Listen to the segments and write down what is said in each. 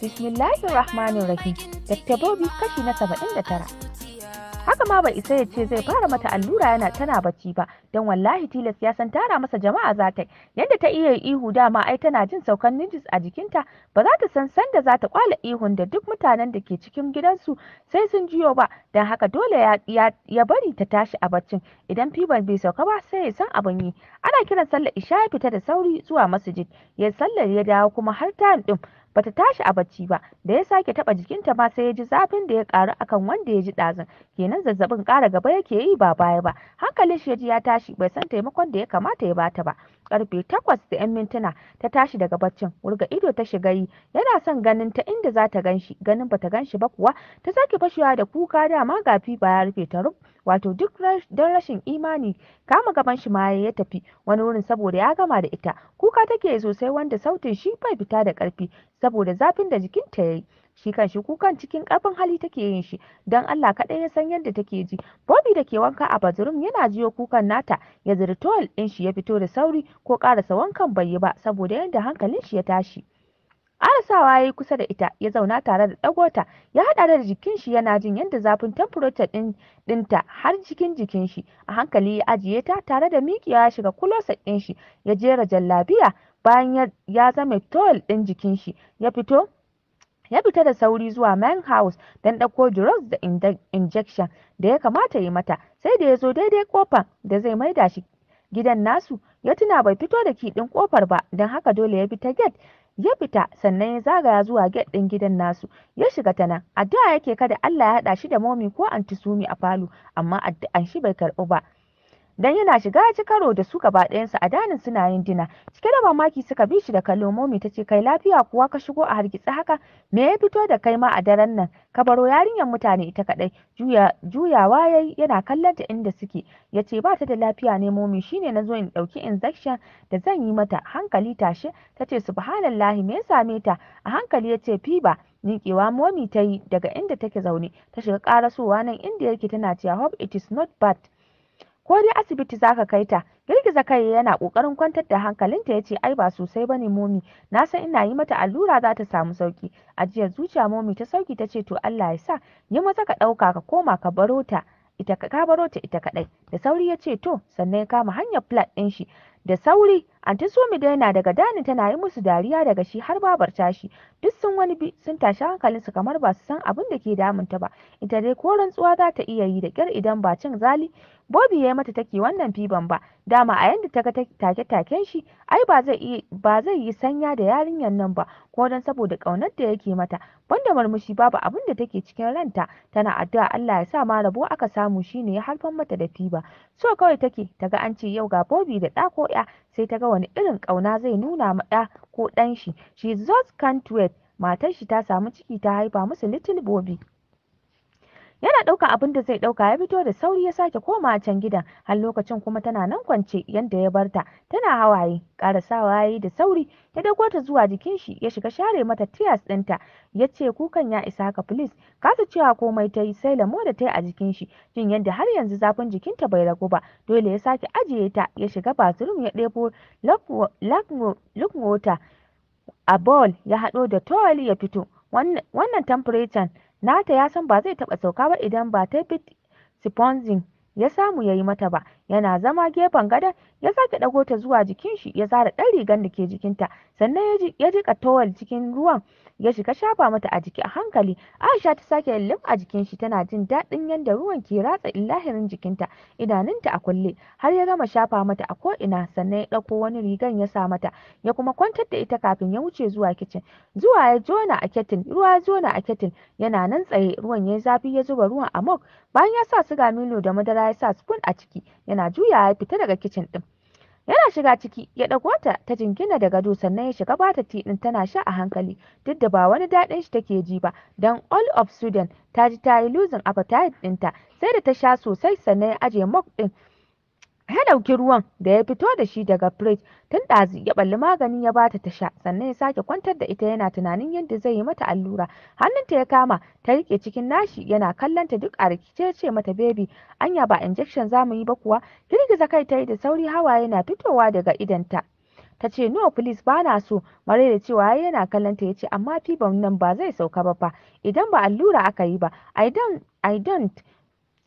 Bismillahir Rahmanir Rahim, Daktabobi kashi na saba'in da tara. Haka ma bai isa ya ce zai fara mata allura yana tana bacci ba, don wallahi tilas ya san tara masa jama'a za ta yi. Yadda ta iya ihu dama ai tana jin saukan nijis a jikinta, ba za ta san sanda za ta kwala ihun da duk mutanen da ke cikin gidansu sai sun jiyo ba, don haka dole ya, ya, ya bari ta tashi a baccin. Idan fiban bai sauka ba sai ya san abin yi. Ana kiran sallar isha ya fita da sauri zuwa masjid, ya sallar ya dawo kuma har ta ɗin. bata tashi a bacci ba da ya sake taba jikinta ma sai ya ji zafin da ya karu akan wanda ya ji dazun kenan zazzabin kara gaba yake yi ba baya ba hankalin shi ya ji ya tashi bai san taimakon da ya kamata ya bata ba karfe takwas da yan mintuna ta tashi daga baccin wurga ido ta shiga yi yana son ganin ta inda za ta ganshi ganin bata ganshi ba kuwa ta sake fashewa da kuka dama ga ba ya rufe ta rufe wato duk don rashin imani kama gaban shi ma ya tafi wani wurin saboda ya gama da ita kuka take sosai wanda sautin shi bai fita da karfi saboda zafin da jikinta ya yi shi kan shi kukan cikin karfin hali take yin shi don Allah kaɗai ya san yadda take ji Bobi da ke wanka a bathroom yana jiyo kukan nata ya ziri towel ɗin shi ya fito da sauri ko ƙarasa wankan bai yi ba saboda yadda hankalin shi ya tashi Arasawa ya yi kusa da ita ya zauna tare da ɗagota ya haɗa da jikin shi yana jin yadda zafin temperature ɗin ɗinta har cikin jikin shi a hankali ya ajiye ta tare da miƙiya ya shiga kulosa ɗin shi ya jera jallabiya bayan ya zama towel ɗin jikin shi ya fito ya fita da sauri zuwa man house don ɗauko drugs da injection da ya kamata yi mata sai da ya zo daidai kofar da zai maida shi gidan nasu ya tuna bai fito da kiɗin kofar ba don haka dole ya bi ta gate ya fita sannan ya zagaya zuwa get ɗin gidan nasu ya shiga ta nan addu'a yake kada Allah ya haɗa shi da momi ko antisumi a falo amma addu'an shi bai karɓu ba dan yana shiga ya ci karo da su gaba ɗayansu a danin suna yin dina cike da mamaki suka bi shi da kallo momi ta ce kai lafiya kuwa ka shigo a hargitsi haka me ya fito da kai ma a daren nan ka baro yarinyar mutane ita kaɗai juyawa yayi yana kallon ta inda suke ya ce ba ta da lafiya ne momi shine na zo in ɗauki injection da zan yi mata hankali tashe ta ce subhanallahi me ya same ta a hankali ya ce fiba miƙewa momi ta yi daga inda take zaune ta shiga ƙarasowa nan inda yake tana cewa hope it is not bad ko dai asibiti zaka kai ta girgiza kai yana kokarin kwantar da hankalinta yace ai ba sosai bane momi na san ina yi mata allura za ta samu sauki ajiyar zuciya momi ta sauki ta ce to Allah ya sa yi maza ka dauka ka koma ka baro ta ita ka baro ta ita kadai da sauri yace to sannan ya kama hanyar flat din shi da sauri Anti Sumida yana daga dani tana yi musu dariya daga shi har babar tashi. Duk sun wani bi sun tashi su kamar ba su san abin da ke ta ba. Ita dai ko rantsuwa za ta iya yi da kyar idan ba cin zali. Bobi ya yi mata take wannan fiban ba. Dama a yanda ta ga take-taken shi ai ba zai ba zai yi sanya da yarinyar nan ba ko dan saboda kaunar da yake mata. Banda murmushi babu abin da take cikin ranta tana addu'a Allah ya sa ma rabo aka samu shine ya halfan mata da fiba. So kawai take ta ga an ce yau ga Bobi da ɗa ko ya sai ta ga wani irin ƙauna zai nuna ma ɗa ko ɗan shi. She just can't wait. Matar shi ta samu ciki ta haifa musu Little Bobby. yana ɗauka abin da zai ɗauka ya fito da sauri ya sake koma can gidan har lokacin kuma tana nan kwance yadda ya barta tana hawaye ƙara sa waye da sauri ya dago ta zuwa jikin shi ya shiga share mata tears ɗinta ya ce kukan ya isa haka filis kasa cewa komai ta yi sai lamo da ta yi a jikin shi jin yadda har yanzu zafin jikin ta bai ragu ba dole ya sake ajiye ta ya shiga bathroom ya ɗebo lukmota a ball ya haɗo da towel ya fito wannan temperature nata ya san ba zai taɓa sauka ba idan ba ta bit ya samu ya yi mata ba yana zama gefen gadon ya sake ɗago ta zuwa jikin shi ya zara ɗan rigan da ke jikinta sannan ya jika towel cikin ruwan ya shiga shafa mata a jiki a hankali aisha ta sake lim a jikin shi tana jin daɗin yadda ruwan ke ratsa illahirin jikinta idanunta a kulle har ya gama shafa mata a ko'ina sannan ya ɗauko wani rigan ya sa mata ya kuma kwantar da ita kafin ya wuce zuwa kicin zuwa ya jona a ketin ruwa jona a ketin yana nan tsaye ruwan ya yi zafi ya zuba ruwan a mok? bayan ya sa siga milo da madara ya sa spoon a ciki yana yana juyawa ya fita daga kicin ɗin. Yana shiga ciki ya ɗauko ta ta jingina da gado sannan ya shiga bata ti ɗin tana sha a hankali duk da ba wani daɗin shi take ji ba don all of Sudan ta ji ta yi losing appetite ɗinta sai da ta sha sosai sannan ya ajiye mug ɗin ya ɗauki ruwan da ya fito da shi daga fridge tun ɗazu ya ɓalli magani ya bata ta sha sannan ya sake kwantar da ita yana tunanin yadda zai yi mata allura hannunta ya kama ta rike cikin nashi yana kallonta duk a rikice ce mata baby anya ba injection za mu yi ba kuwa girgiza kai ta yi da sauri hawa yana fitowa daga idanta ta ce no please ba na so mare da cewa yana kallonta ya ce amma fibon nan ba zai sauka ba fa idan ba allura aka yi ba i i don't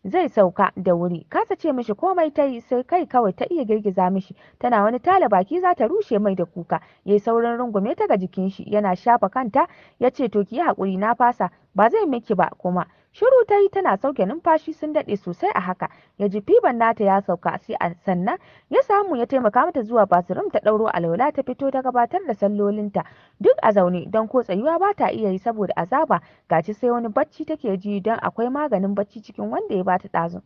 zai sauka da wuri kasa ce mishi komai ta yi sai kai kawai ta iya girgiza mishi tana wani tala baki za ta rushe mai da kuka yayi saurin rungume ta ga jikin shi yana shafa kanta ya ce to ki yi haƙuri na fasa ba zai miki ba kuma shiru ta yi tana sauke numfashi sun daɗe sosai a haka ya ji fiban nata ya sauka sai a sannan ya samu ya taimaka mata zuwa basirin ta ɗauro alwala ta fito ta gabatar da sallolinta duk a zaune don ko tsayuwa ba ta iya yi saboda azaba gaci sai wani bacci take ji don akwai maganin bacci cikin wanda ya bata ɗazu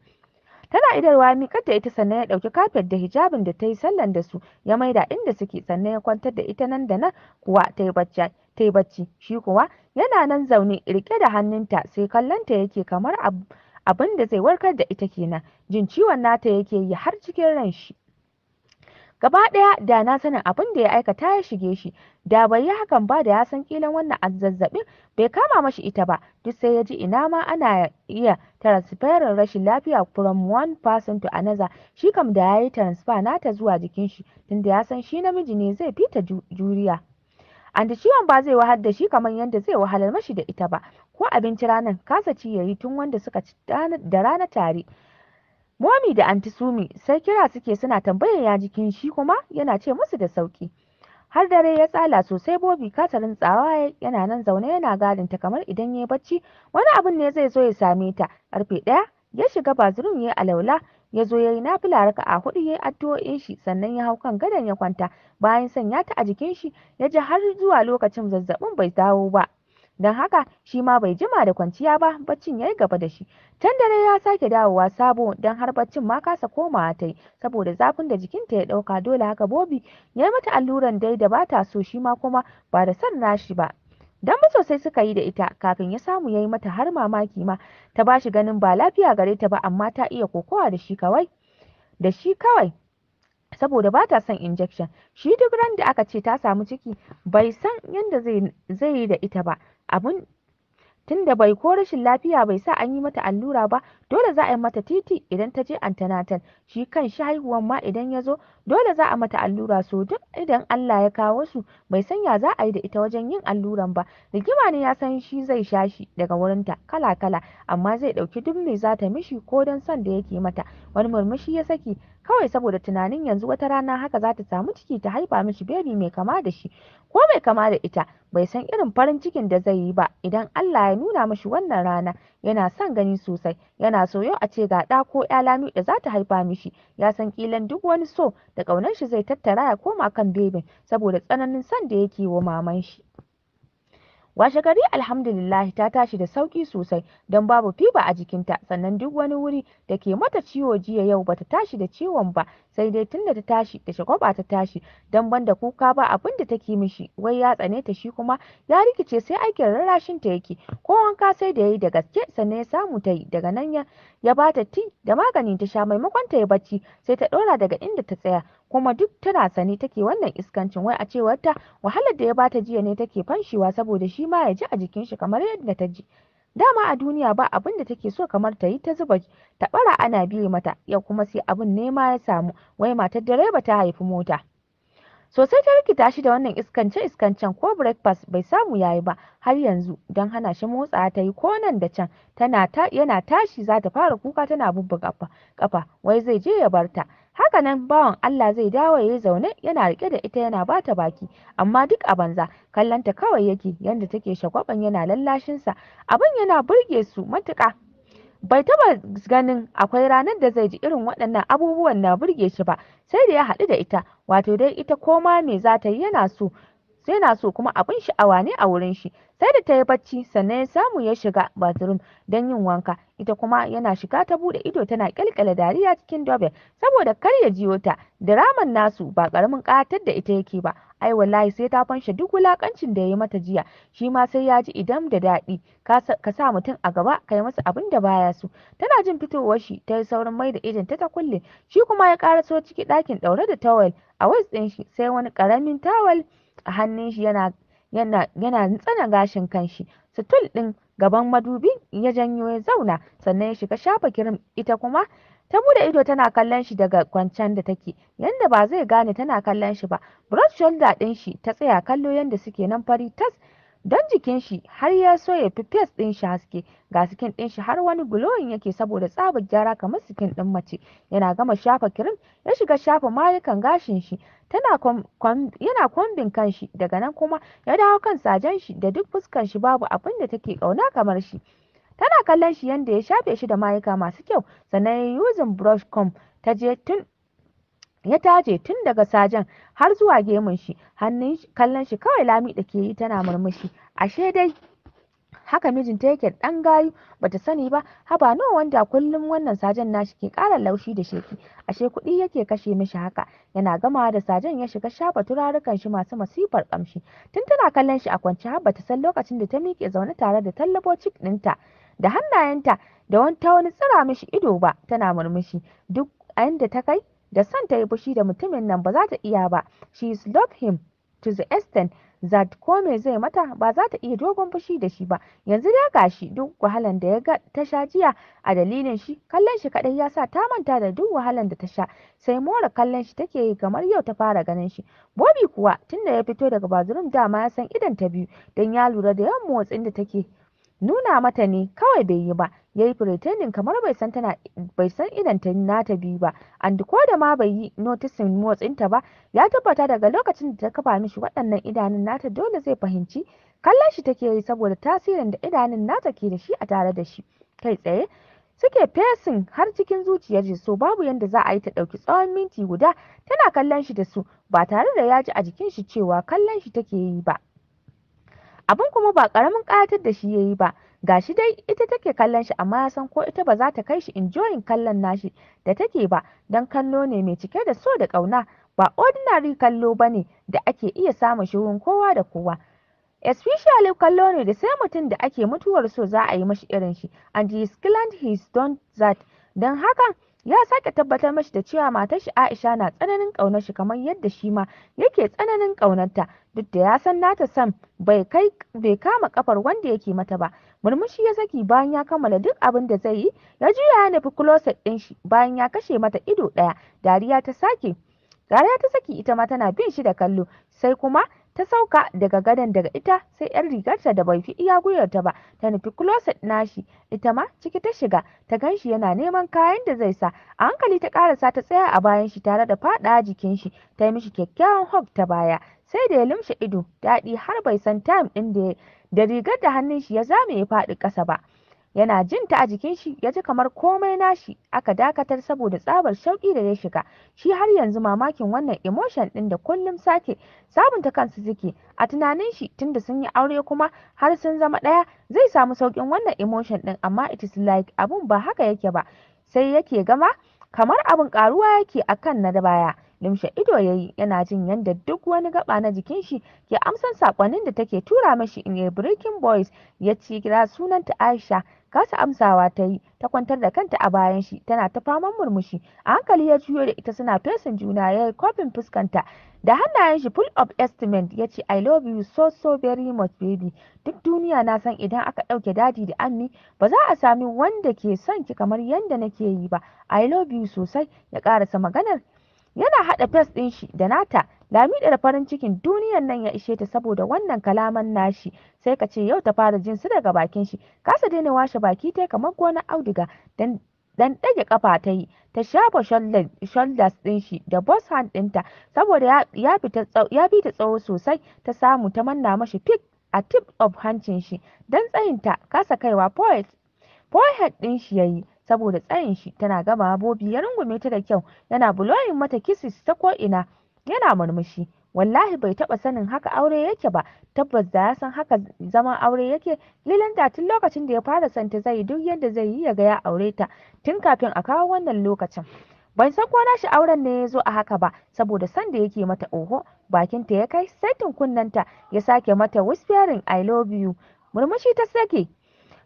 tana idarwa miƙar da ita sannan ya ɗauki kafet da hijabin da ta yi sallan da su ya maida inda suke sannan ya kwantar da ita nan da nan kuwa ta yi bacci ta yi bacci shi kuwa yana nan zaune rike da hannunta sai kallonta yake kamar abin da zai warkar da ita kenan jin ciwon nata yake yi har cikin ran shi gaba ɗaya da na sanin abin da ya aikata ya shige shi da bai yi hakan ba da ya san kilan wannan azzazzabin bai kama mashi ita ba duk sai ya ji ina ma ana iya transferin rashin lafiya from one person to another shi kam da ya yi transfer nata zuwa jikin shi tunda ya san shi namiji ne zai fita juriya anda ciwon ba zai wahal da shi kamar yadda zai wahalar mashi da ita ba ko abinci ranar kasa ci yayi tun wanda suka ci da rana tare momi da anti sumi sai kira suke suna tambayar ya jikin shi kuma yana ce musu da sauki har dare ya tsala sosai bobi katarin tsawa yana nan zaune yana gadin ta kamar idan yayi bacci wani abin ne zai zo ya same ta karfe ɗaya ya shiga bazurum ya alaula ya zo ya yi nafila a hudu ya yi addu'o'in shi sannan ya hau kan gadon ya kwanta bayan sanya ta a jikin shi ya ji har zuwa lokacin zazzabin bai dawo ba don haka shi ma bai jima da kwanciya ba baccin ya yi gaba da shi can dare ya sake dawowa sabo don har baccin ma kasa komawa ta yi saboda zafin da jikinta ya ɗauka dole haka bobi ya yi mata alluran dai da ba ta so shi ma kuma ba da son nashi ba ba sosai suka yi da ita kafin ya samu ya yi mata har mamaki ma ta ba shi ganin ba lafiya gare ta ba amma ta iya kokowa da shi kawai da shi kawai saboda ba ta son injection shi duk ran da aka ce ta samu ciki bai san yadda zai yi da ita ba abun Tun da bai ko rashin lafiya bai sa an yi mata allura ba dole za a yi mata titi idan ta je antenatal shi kan shi haihuwan ma idan ya zo dole za a mata allura so duk idan Allah ya kawo su bai san ya za a yi da ita wajen yin alluran ba rigima ne ya san shi zai sha shi daga wurinta kala kala amma zai ɗauki duk me za ta mishi ko don son da yake mata wani murmushi ya saki kawai saboda tunanin yanzu wata rana haka za ta samu ciki ta haifa mishi bebi mai kama da shi ko mai kama da ita bai san irin farin cikin da zai yi ba idan Allah ya nuna mishi wannan rana yana son gani sosai yana so a ce ga da ko ya lami da za ta haifa mishi ya san kilan duk wani so da ƙaunar shi zai tattara ya koma kan bebin saboda tsananin son da yake wa maman shi washe gari Alhamdulillah! ta tashi da sauki sosai don babu fiba a jikinta sannan duk wani wuri da ke mata ciwo jiya yau bata tashi da ciwon ba sai dai tunda ta tashi da shagwaba ta tashi dan banda kuka ba abin da take mishi wai ya tsane ta shi kuma ya rikice sai aikin rarrashin ta yake ko wanka sai da yayi da gaske sannan ya samu ta yi daga nan ya ya bata ti da magani ta sha maimakon ta ya bacci sai ta dora daga inda ta tsaya kuma duk tana sani take wannan iskancin wai a cewar ta wahalar da ya bata jiya ne take fanshiwa saboda shi ma ya ji a jikin shi kamar yadda ta ji dama a duniya ba abin da take so kamar ta yi ta zuba taɓara ana biye mata yau kuma sai abin nema ya samu wai matar direba ta haifi mota sosai ta rikita shi da wannan iskance iskancen ko breakfast bai samu yayi ba har yanzu don hana shi motsa ta yi ko nan da can tana yana tashi za ta fara kuka tana bubba kafa wai zai je ya barta Haka nan bawan Allah zai dawo yayi zaune yana rike da ita yana bata baki amma duk a banza kallanta kawai yake yanda take shagwaban yana lallashinsa abin yana burge su matuƙa bai taba ganin akwai ranar da zai ji irin waɗannan abubuwan na burge shi ba sai da ya haɗu da ita wato dai ita koma me za ta yi yana so sai na so kuma abin sha'awa ne a wurin shi sai da tayi bacci sannan ya samu ya shiga bathroom don yin wanka ita kuma yana shiga ta bude ido tana kyalkyala dariya cikin dobe. saboda kar ya jiyo ta diraman nasu ba karamin katar da ita yake ba ai wallahi sai ta fanshe duk wulakancin da ya yi mata jiya shi ma sai ya ji idan da daɗi ka sa mutum a gaba ka yi masa abin da baya so tana jin fitowar shi ta yi saurin mai da idan ta ta kulle shi kuma ya karaso ciki ɗakin ɗaure da towel a wasu ɗin shi sai wani ƙaramin towel a hannun shi yana yana yana tsana gashin kanshi sutul din gaban madubi ya janyo ya zauna sannan ya shiga shafa kirim ita kuma ta bude ido tana kallon shi daga kwancen da take yanda ba zai gane tana kallon shi ba broad shoulder ɗin shi ta tsaya kallo yanda suke nan fari tas don jikin shi har ya so ya fi fes ɗin shi haske ga sikin ɗin shi har wani glowing yake saboda tsabar gyara kamar sikin din mace yana gama shafa kirim ya shiga shafa mayukan gashin shi tana yana kwambin kanshi daga nan kuma ya dawo kan sajan shi da duk fuskan shi babu abin da take kauna kamar shi tana kallon shi yadda ya shafe shi da mayuka masu kyau sannan ya yi using brush comb ta je tun ya taje tun daga sajan har zuwa gemun shi hannun kallon shi kawai lami da ke yi tana murmushi ashe dai haka mijinta yake dan gayu bata sani ba haba nawa wanda kullum wannan sajan nashi ke ƙara laushi da sheki ashe kuɗi yake kashe mishi haka yana gama da sajan ya shiga shafa turarukan shi masu masifar kamshi tun tana kallon shi a kwance har bata san lokacin da ta miƙe zaune tare da tallabo ɗinta da hannayenta da wani wani tsira mishi ido ba tana murmushi duk a inda ta kai da son ta yi fushi da mutumin nan ba za ta iya ba she is love him to the extent that ko me zai mata ba za ta iya dogon fushi da shi ba yanzu dai gashi duk wahalan da ya ga ta sha jiya a dalilin shi kallon shi kadai ya sa ta manta da duk wahalan da ta sha sai more kallon shi take yi kamar yau ta fara ganin shi bobi kuwa tunda ya fito daga bazurum dama ya san idan ta biyu Don ya lura da yawan motsin da take nuna mata ne kawai bai yi ba ya yi pretending kamar bai san tana bai san idan ta nata biyu ba and ko da ma bai yi noticing ta ba ya tabbata daga lokacin da ta kafa mishi waɗannan idanun nata dole zai fahimci kallon shi take yi saboda tasirin da idanun nata ke da shi a tare da shi kai tsaye suke fesin har cikin zuciyar shi so babu yadda za a yi ta ɗauki tsawon minti guda tana kallon shi da su ba tare da ya ji a jikin shi cewa kallon shi take yi ba abin kuma ba karamin katar da shi ya yi ba shi dai ita take kallon shi amma ya san ko ita ba za ta kai shi injoyin kallon nashi da take ba don kallo ne mai cike da so da ƙauna ba ordinary kallo ba ne da ake iya samun shirin kowa da kowa especially kallo ne da sai mutum da ake mutuwar so za a yi mashi irin shi and he is glad he done that don haka ya sake tabbatar mashi da cewa matar shi Aisha na tsananin ƙaunar shi kamar yadda shi ma yake tsananin ƙaunarta duk da ya san nata sam bai kai bai kama kafar wanda yake mata ba murmushi ya saki bayan ya kammala duk abin da zai yi ya juya ya nufi closet ɗin shi bayan ya kashe mata ido ɗaya dariya ta sake dariya ta saki ita ma tana bin shi da kallo sai kuma ta sauka daga gadon daga ita sai yar rigarta da bai fi iya ta ba ta nufi closet nashi ita ma ciki ta shiga ta ganshi yana neman kayan da zai sa a hankali ta karasa ta tsaya a bayan shi tare da fada jikin shi ta yi mishi kyakkyawan hug ta baya sai da ya lumshe ido daɗi har bai san time ɗin da da rigar da hannun shi ya zame ya faɗi ƙasa ba yana jin ta a jikin shi ya ji kamar komai nashi aka dakatar saboda tsabar shauki da ya shiga shi har yanzu mamakin wannan emotion din da kullum sake sabunta kansu suke a tunanin shi tunda sun yi aure kuma har sun zama daya zai samu saukin wannan emotion din amma it is like abun ba haka yake ba sai yake gama kamar abun karuwa yake akan na da baya limshe ido yayi yana jin yadda duk wani gaba na jikin shi ke amsan sakonnin da take tura mashi in a breaking boys ya ci sunan sunanta Aisha kasa amsawa ta yi ta kwantar da kanta a bayan shi tana ta faman murmushi a hankali ya juyo da ita suna fesin juna ya yi kofin fuskanta da hannayen shi full of estimate ya ce i love you so so very much baby duk duniya na san idan aka ɗauke dadi da ammi ba za a sami wanda ke son ki kamar yadda nake yi ba i love you sosai ya ƙarasa maganar yana haɗa fes ɗin shi da nata Lamida da farin cikin duniyan nan ya ishe ta saboda wannan kalaman nashi sai kace yau ta fara jin su daga bakin shi kasa daina washe baki ta kamar gonar auduga dan dan ɗage kafa ta yi ta shafa shoulders ɗin shi da boss hand ɗinta saboda ya bi ta tsawo sosai ta samu ta manna mashi pick a tip of hancin shi dan tsayinta kasa kaiwa poet poet ɗin shi yayi saboda tsayin shi tana gama bobi ya rungume ta da kyau yana buloyin mata kisis ta ko ina yana murmushi wallahi bai taba sanin haka aure yake ba tabbas da ya san haka zaman aure yake lilan da tun lokacin da ya fara santa ta zai duk yadda zai yi ya ga ya aure ta tun kafin a kawo wannan lokacin ban san ko nashi auren ne ya zo a haka ba saboda san da yake mata oho bakin ta ya kai saitin kunnanta ya sake mata whispering i love you murmushi ta sake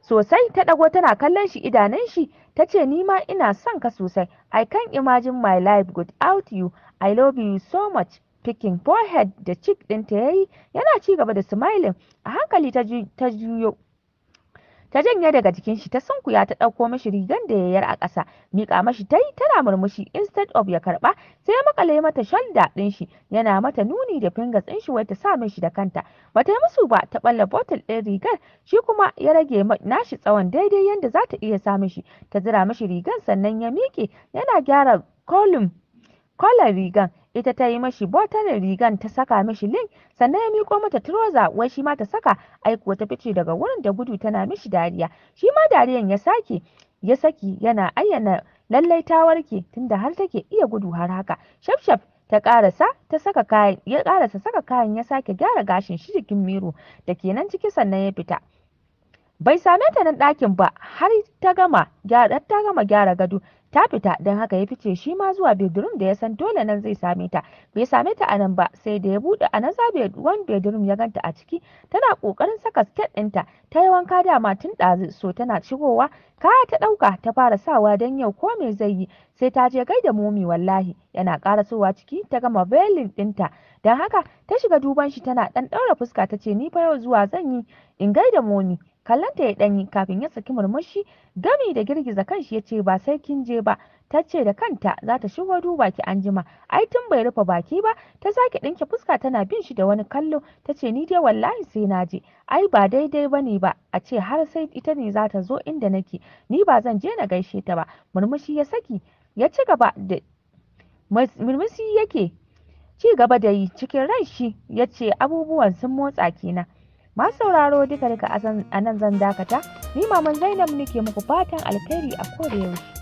sosai ta ɗago tana kallon shi idanun shi ta ce ni ma ina son ka sosai i can imagine my life without you i love you so much picking forehead da cheek ɗinta ya yi yana ci gaba da smiling a hankali ta juyo ta janye daga jikin shi ta sunkuya ta ɗauko mashi rigan da yayar a ƙasa miƙa mashi ta yi tana murmushi instead of ya karɓa sai ya makale mata shalda ɗin shi yana mata nuni da fingers ɗin shi wai ta sa mashi da kanta ba yi musu ba ta ɓalla bottle ɗin rigar shi kuma ya rage nashi tsawon daidai yadda za ta iya sa mishi ta zira mashi rigan sannan ya miƙe yana gyara kolin rigan ita ta yi mashi botar rigan ta saka mishi link sannan ya miko mata trouser wai shi ma ta saka aikuwa ta fice daga wurin da gudu tana mishi dariya shi ma dariyan ya sake ya saki yana ayyana lallai ta warke tunda har take iya gudu har haka shafshaf ta karasa ta saka kayan ya karasa saka kayan ya sake gyara gashin shi jikin miro da kenan ciki sannan ya fita bai same ta nan ɗakin ba har ta ta gama gyara gado ta fita don haka ya fice shi ma zuwa bedroom da ya san dole nan zai same ta bai same ta a nan ba sai da ya bude a nan one bedroom ya ganta a ciki tana kokarin saka skirt ɗinta ta yi wanka dama tun ɗazu so tana shigowa kaya ta ɗauka ta fara sawa dan yau ko me zai yi sai ta je gaida momi wallahi yana kara sowa ciki ta gama belin ɗinta don haka ta shiga duban shi tana ɗan ɗaura fuska ta ce ni fa yau zuwa zan yi in da momi kallanta ya ɗanyi kafin ya saki murmushi gami da girgiza kanshi ya ce ba sai kin je ba ta ce da kanta za ta shigo duba ki anjima ai tun bai rufe baki ba ta sake ɗinke fuska tana bin shi da wani kallo ta ce ni dai wallahi sai na je ai ba daidai ba ne ba a ce har sai ita ne za ta zo inda nake ni ba zan je na gaishe ta ba murmushi ya saki ya ci gaba da murmushi yake ci gaba da yi cikin ran shi ya ce abubuwan sun motsa kenan masu sauraro duka duka a nan zan dakata ni maman zainab nake muku fatan alkhairi a koda yaushe